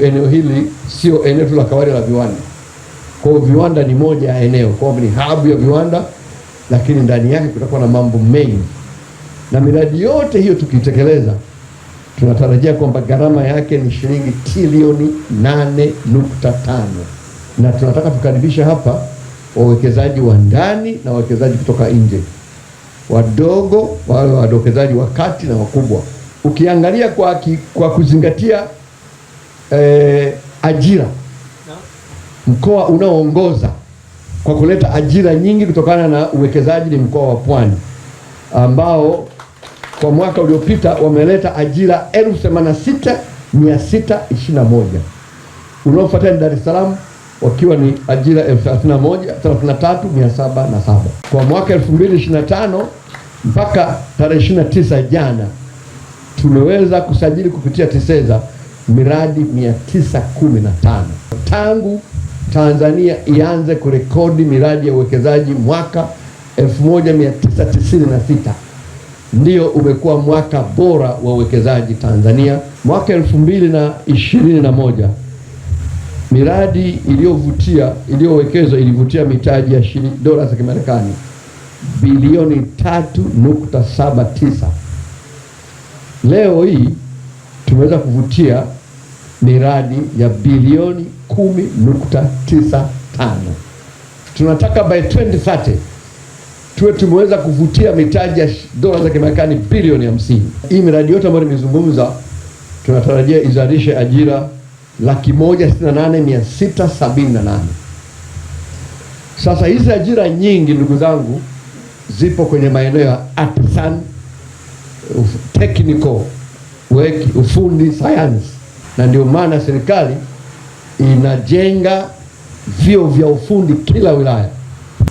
Eneo hili sio eneo tu la kawaida la viwanda, kwa hiyo viwanda ni moja ya eneo, kwa ni hub ya viwanda, lakini ndani yake kutakuwa na mambo mengi, na miradi yote hiyo tukitekeleza, tunatarajia kwamba gharama yake ni shilingi trilioni 8.5 na tunataka tukaribisha hapa wawekezaji wa ndani na wawekezaji kutoka nje, wadogo, wale wadokezaji wa kati na wakubwa, ukiangalia kwa, ki, kwa kuzingatia eh, ajira mkoa unaoongoza kwa kuleta ajira nyingi kutokana na uwekezaji ni mkoa wa Pwani ambao kwa mwaka uliopita wameleta ajira elfu themanini na sita mia sita ishirini na moja unaofuatia ni Dar es Salaam wakiwa ni ajira elfu thelathini na moja thelathini na tatu mia saba na saba kwa mwaka 2025 mpaka tarehe 29 jana tumeweza kusajili kupitia TISEZA miradi 915 tangu Tanzania ianze kurekodi miradi ya uwekezaji mwaka 1996 ndio umekuwa mwaka bora wa uwekezaji Tanzania. Mwaka 2021 miradi iliyovutia iliyowekezwa ilivutia mitaji ya dola za Kimarekani bilioni 3.79. Leo hii tumeweza kuvutia miradi ya bilioni 10.95. Tunataka by 2030 tuwe tumeweza kuvutia mitaji ya dola za Kimarekani bilioni 50. Hii miradi yote ambayo nimezungumza tunatarajia izalishe ajira laki moja sitini na nane mia sita sabini na nane. Sasa hizi ajira nyingi ndugu zangu zipo kwenye maeneo ya artisan, technical work, ufundi, science na ndio maana serikali inajenga vyuo vya ufundi kila wilaya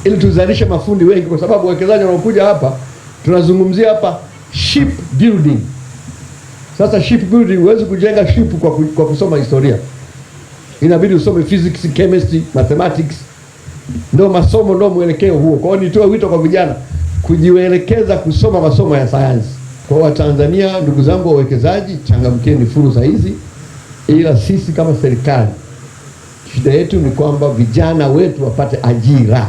ili tuzalishe mafundi wengi, kwa sababu wawekezaji wanaokuja hapa, tunazungumzia hapa ship building. Sasa ship building, huwezi kujenga ship kwa, kwa kusoma historia, inabidi usome physics, chemistry, mathematics. Ndio masomo, ndio mwelekeo huo. Kwa hiyo nitoe wito kwa vijana kujielekeza kusoma masomo ya sayansi. Kwa Watanzania, ndugu zangu wawekezaji, changamkeni fursa hizi ila sisi kama serikali shida yetu ni kwamba vijana wetu wapate ajira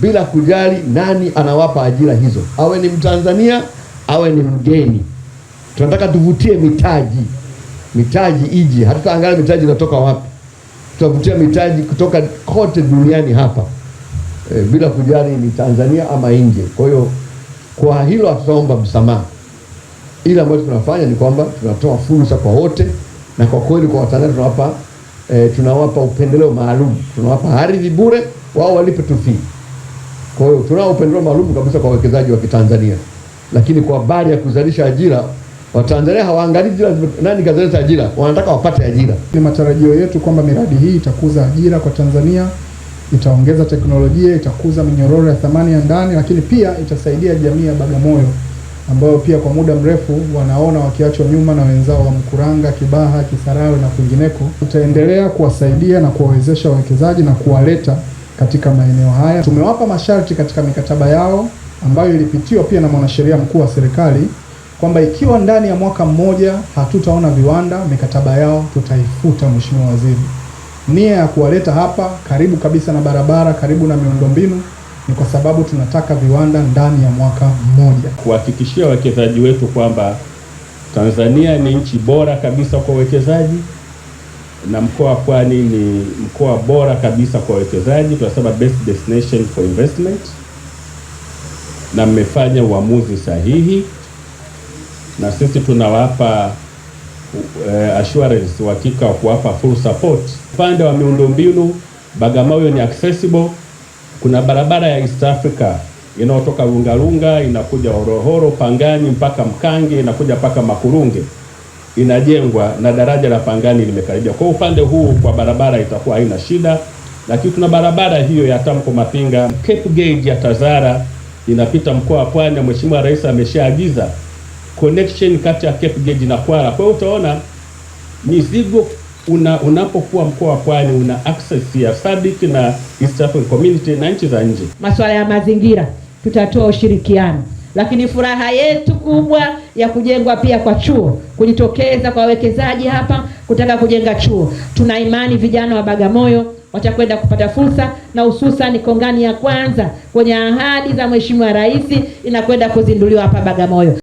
bila kujali nani anawapa ajira hizo, awe ni Mtanzania awe ni mgeni. Tunataka tuvutie mitaji, mitaji iji, hatutaangalia mitaji inatoka wapi, tutavutia mitaji kutoka kote duniani hapa e, bila kujali ni Tanzania ama nje. Kwa hiyo kwa hilo hatutaomba msamaha, ila ambacho tunafanya ni kwamba tunatoa fursa kwa wote na kwa kweli kwa Watanzania tunawapa e, eh, tunawapa upendeleo maalum, tunawapa ardhi bure, wao walipe tu fee. Kwa hiyo tunao upendeleo maalum kabisa kwa wawekezaji wa Kitanzania, lakini kwa habari ya kuzalisha ajira Watanzania hawaangalii nani kazaleta ajira, wanataka wapate ajira. Ni matarajio yetu kwamba miradi hii itakuza ajira kwa Tanzania, itaongeza teknolojia, itakuza minyororo ya thamani ya ndani, lakini pia itasaidia jamii ya Bagamoyo ambayo pia kwa muda mrefu wanaona wakiachwa nyuma na wenzao wa Mkuranga, Kibaha, Kisarawe na kwingineko. Tutaendelea kuwasaidia na kuwawezesha wawekezaji na kuwaleta katika maeneo haya. Tumewapa masharti katika mikataba yao ambayo ilipitiwa pia na mwanasheria mkuu wa serikali kwamba ikiwa ndani ya mwaka mmoja hatutaona viwanda, mikataba yao tutaifuta. Mheshimiwa Waziri, nia ya kuwaleta hapa karibu kabisa na barabara, karibu na miundombinu ni kwa sababu tunataka viwanda ndani ya mwaka mmoja, kuhakikishia wawekezaji wetu kwamba Tanzania ni nchi bora kabisa kwa uwekezaji na mkoa wa Pwani ni mkoa bora kabisa kwa wawekezaji, tunasema best destination for investment, na mmefanya uamuzi sahihi, na sisi tunawapa uh, assurance uhakika wa kuwapa full support. Upande wa miundombinu Bagamoyo ni accessible kuna barabara ya East Africa inayotoka Lungalunga inakuja Horohoro, Pangani mpaka Mkange, inakuja mpaka Makurunge, inajengwa na daraja la Pangani limekaribia. Kwa upande huu kwa barabara itakuwa haina shida, lakini tuna barabara hiyo ya Tamko Mapinga Cape Gauge ya Tazara inapita mkoa wa Pwani na Mheshimiwa Rais ameshaagiza connection kati ya Cape Gauge na Kwala. Kwa hiyo utaona mizigo una, unapokuwa mkoa wa Pwani una access ya SADC na East African Community na nchi za nje. Masuala ya mazingira tutatoa ushirikiano, lakini furaha yetu kubwa ya kujengwa pia kwa chuo, kujitokeza kwa wawekezaji hapa kutaka kujenga chuo. Tuna imani vijana wa Bagamoyo watakwenda kupata fursa na hususan kongani ya kwanza kwenye ahadi za Mheshimiwa Rais inakwenda kuzinduliwa hapa Bagamoyo.